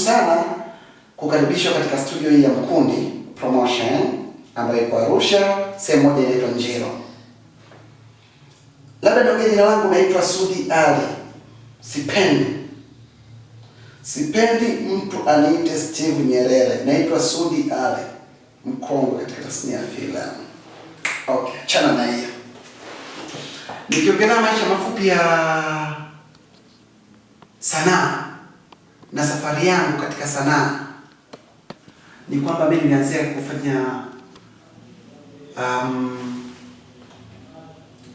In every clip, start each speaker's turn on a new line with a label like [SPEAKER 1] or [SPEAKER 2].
[SPEAKER 1] sana kukaribishwa katika studio hii ya Mkundi Promotion ambayo iko Arusha, sehemu moja inaitwa Njiro. Labda ndio jina langu naitwa Sudi Ali. Sipendi. Sipendi mtu aniite Steve Nyerere. Naitwa Sudi Ali. Mkongwe katika tasnia ya filamu. Okay, chana na hiyo. Nikiongelea maisha mafupi ya sanaa na safari yangu katika sanaa ni kwamba mimi nimeanzia kufanya um,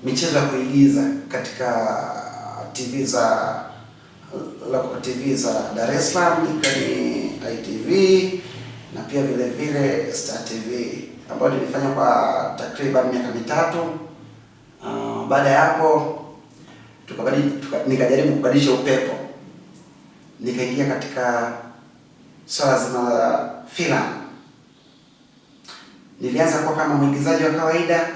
[SPEAKER 1] michezo ya kuigiza katika TV za local TV za Dar es Salaam ikani ITV na pia vile vile Star TV ambayo nilifanya kwa takriban miaka mitatu. Uh, baada ya hapo tukabadili tuka, nikajaribu kubadilisha upepo nikaingia katika swala zima la filamu. Nilianza kuwa kama mwigizaji wa kawaida,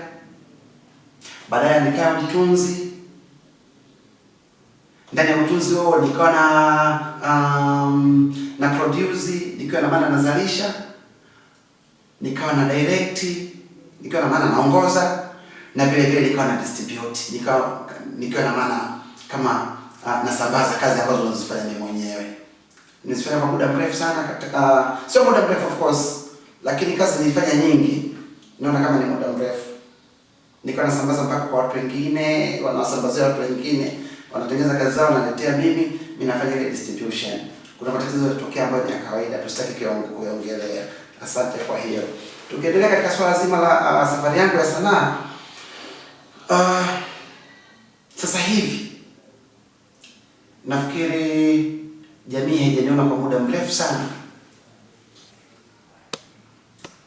[SPEAKER 1] baadaye nikawa mtunzi. Ndani ya utunzi huo nikawa na um, na produce, nikiwa na maana nazalisha, nikawa na direct, nikiwa na maana naongoza, na vile vile nikawa na distribute, nikawa nikiwa na maana kama uh, nasambaza kazi ambazo nazifanya mimi nisifanya kwa muda mrefu sana katika uh, sio muda mrefu of course, lakini kazi nilifanya nyingi, naona kama ni muda mrefu. Nilikuwa nasambaza mpaka kwa watu wengine, wanawasambazia watu wengine, wanatengeneza kazi zao, wanaletea mimi, mimi nafanya ile distribution. Kuna matatizo yanatokea ambayo ni ya kawaida, tusitaki kuyaongelea. Asante kwa hiyo. Tukiendelea katika swala zima la uh, safari yangu ya sanaa uh, sasa hivi nafikiri jamii haijaniona kwa muda mrefu sana,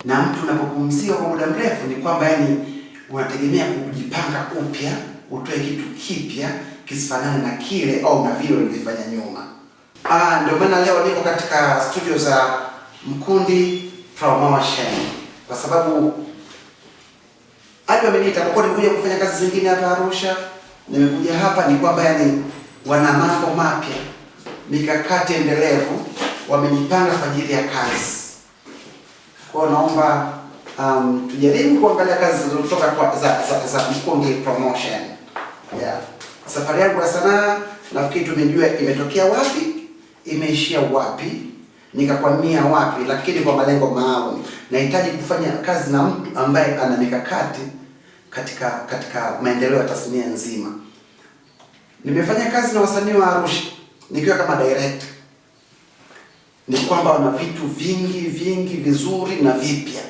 [SPEAKER 1] na mtu unapopumzika kwa muda mrefu ni kwamba yani unategemea kujipanga upya, utoe kitu kipya kisifanane na kile au na vile ulivyofanya nyuma. Ah, ndio maana leo niko katika studio za Mkundi shen kwa sababu hadi wameniita kwa nikuja kufanya kazi zingine hapa Arusha, nimekuja hapa ni kwamba yani wana mambo mapya mikakati endelevu wamejipanga kwa ajili ya kazi. Kwa hiyo naomba um, tujaribu kuangalia kazi zilizotoka kwa za za, za Mkonge Promotion. Yeah. Safari yangu ya sanaa nafikiri tumejua imetokea wapi, imeishia wapi, nikakwamia wapi, lakini kwa malengo maalum. Nahitaji kufanya kazi na mtu ambaye ana mikakati katika katika maendeleo ya tasnia nzima. Nimefanya kazi na wasanii wa Arusha nikiwa kama director, ni kwamba wana vitu vingi vingi vizuri na vipya.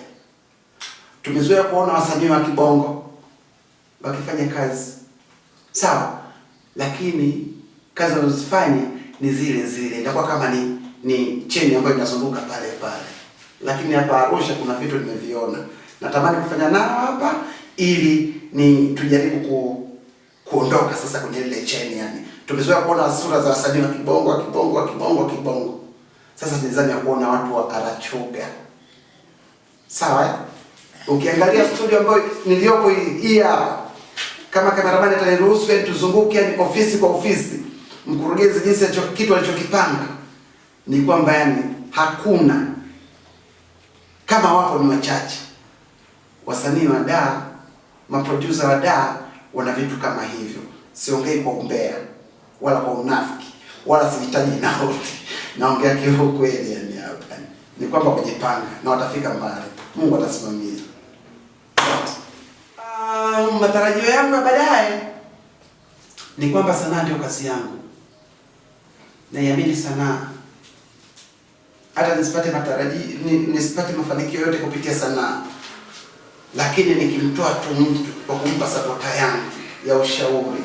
[SPEAKER 1] Tumezoea kuona wasanii wa kibongo wakifanya kazi sawa, lakini kazi wanazozifanya ni zile zile, itakuwa kama ni ni cheni ambayo inazunguka pale pale. Lakini hapa Arusha kuna vitu nimeviona, natamani kufanya nao hapa ili ni tujaribu ku kuondoka sasa kwenye ile chain yani. Tumezoea kuona sura za wasanii wa kibongo wa kibongo wa kibongo wa kibongo. Sasa tunaanza ya kuona watu wa arachoga. Sawa eh? Ukiangalia studio ambayo niliyopo hii hapa. Kama kameramani ataniruhusu yani tuzunguke yani ofisi kwa ofisi. Mkurugenzi jinsi alicho kitu alichokipanga ni kwamba yani hakuna kama wapo ni wachache wasanii wa daa maproducer wa daa wana vitu kama hivyo. Siongei kwa umbea wala kwa unafiki wala sihitaji naoti, naongea kweli Yani hapa ni kwamba kujipanga na watafika mbali, Mungu atasimamia. Um, matarajio yangu ya baadaye ni kwamba sanaa ndio kazi yangu, naiamini sanaa hata nisipate matarajio nisipate mafanikio yote kupitia sanaa lakini nikimtoa tu mtu kwa kumpa sapota yangu ya ushauri,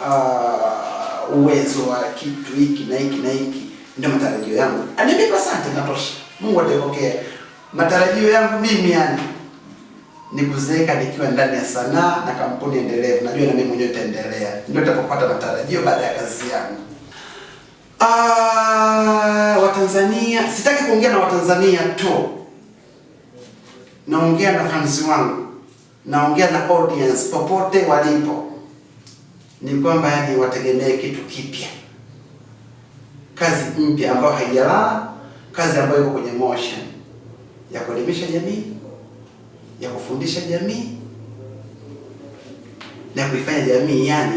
[SPEAKER 1] uh, uwezo wa kitu hiki na hiki na hiki, ndio matarajio yangu. Anipa asante, natosha, Mungu atapokea matarajio yangu. Mimi yani ni kuzeeka nikiwa ndani ya sanaa na kampuni endelevu, najua na mimi mwenyewe itaendelea, ndio nitapopata matarajio baada ya kazi yangu. Ah, Watanzania, sitaki kuongea na Watanzania tu naongea na fans wangu, naongea na audience popote walipo, ni kwamba yani wategemee kitu kipya, kazi mpya ambayo haijalala, kazi ambayo iko kwenye motion ya kuelimisha jamii, ya kufundisha jamii na kuifanya jamii yani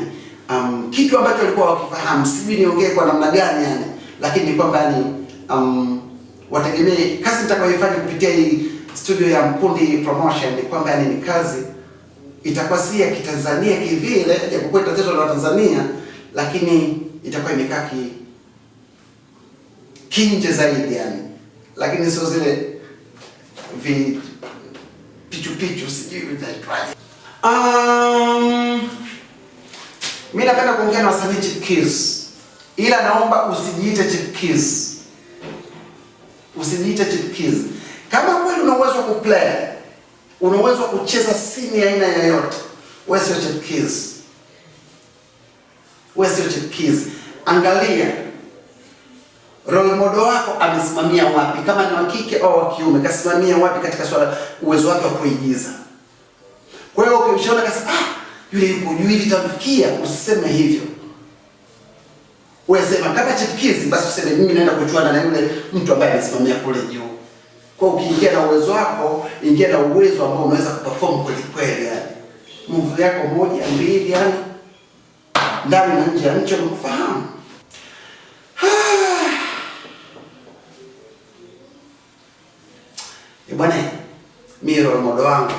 [SPEAKER 1] um, kitu ambacho walikuwa wakifahamu. Sijui niongee kwa namna gani yani, lakini ni kwamba yani um, wategemee kazi nitakayoifanya kupitia hii studio ya Mkundi Promotion kwamba yani ni kazi itakuwa si ya Kitanzania kivile, japokuwa itatetwa na Tanzania, lakini itakuwa imekaa ki kinje zaidi yani, lakini sio zile vi pichu pichupichu sijui vinaitwaje. Um, mimi napenda kuongea na wasanii chipukizi, ila naomba usijiite chipukizi, usijiite chipukizi kama kweli una uwezo wa kuplay, una uwezo wa kucheza simu aina yoyote, wewe sio chipukizi, wewe sio chipukizi. Angalia role model wako amesimamia wapi, kama ni wa kike au wa kiume, kasimamia wapi katika swala uwezo wake wa kuigiza. Kwa hiyo ukimshona kasi, ah, yule yuko juu hivi tamfikia, usiseme hivyo. Wewe sema kama chipukizi, basi useme mimi naenda kuchuana na yule mtu ambaye amesimamia kule juu. Kwa ukiingia na uwezo wako, ingia na uwezo ambao unaweza kuperform kweli kweli, yani move yako moja mbili, yani ndani na nje ya nchi unakufahamu. Eh, bwana, mimi role model wangu